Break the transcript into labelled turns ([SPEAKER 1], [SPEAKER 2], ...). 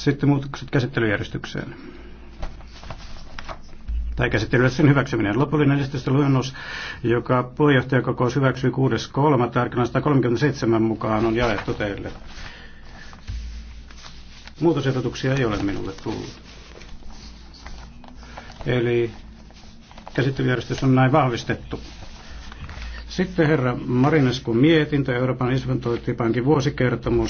[SPEAKER 1] Sitten muutokset käsittelyjärjestykseen. Tai käsittelyssä sen hyväksyminen. Lopullinen esitysluennos, joka puheenjohtajakokous hyväksyi 6.3. tarkana 137 mukaan on jaettu teille. Muutosehdotuksia ei ole minulle tullut. Eli käsittelyjärjestys on näin vahvistettu. Sitten herra Marineskun mietintö Euroopan investointipankin
[SPEAKER 2] vuosikertomus.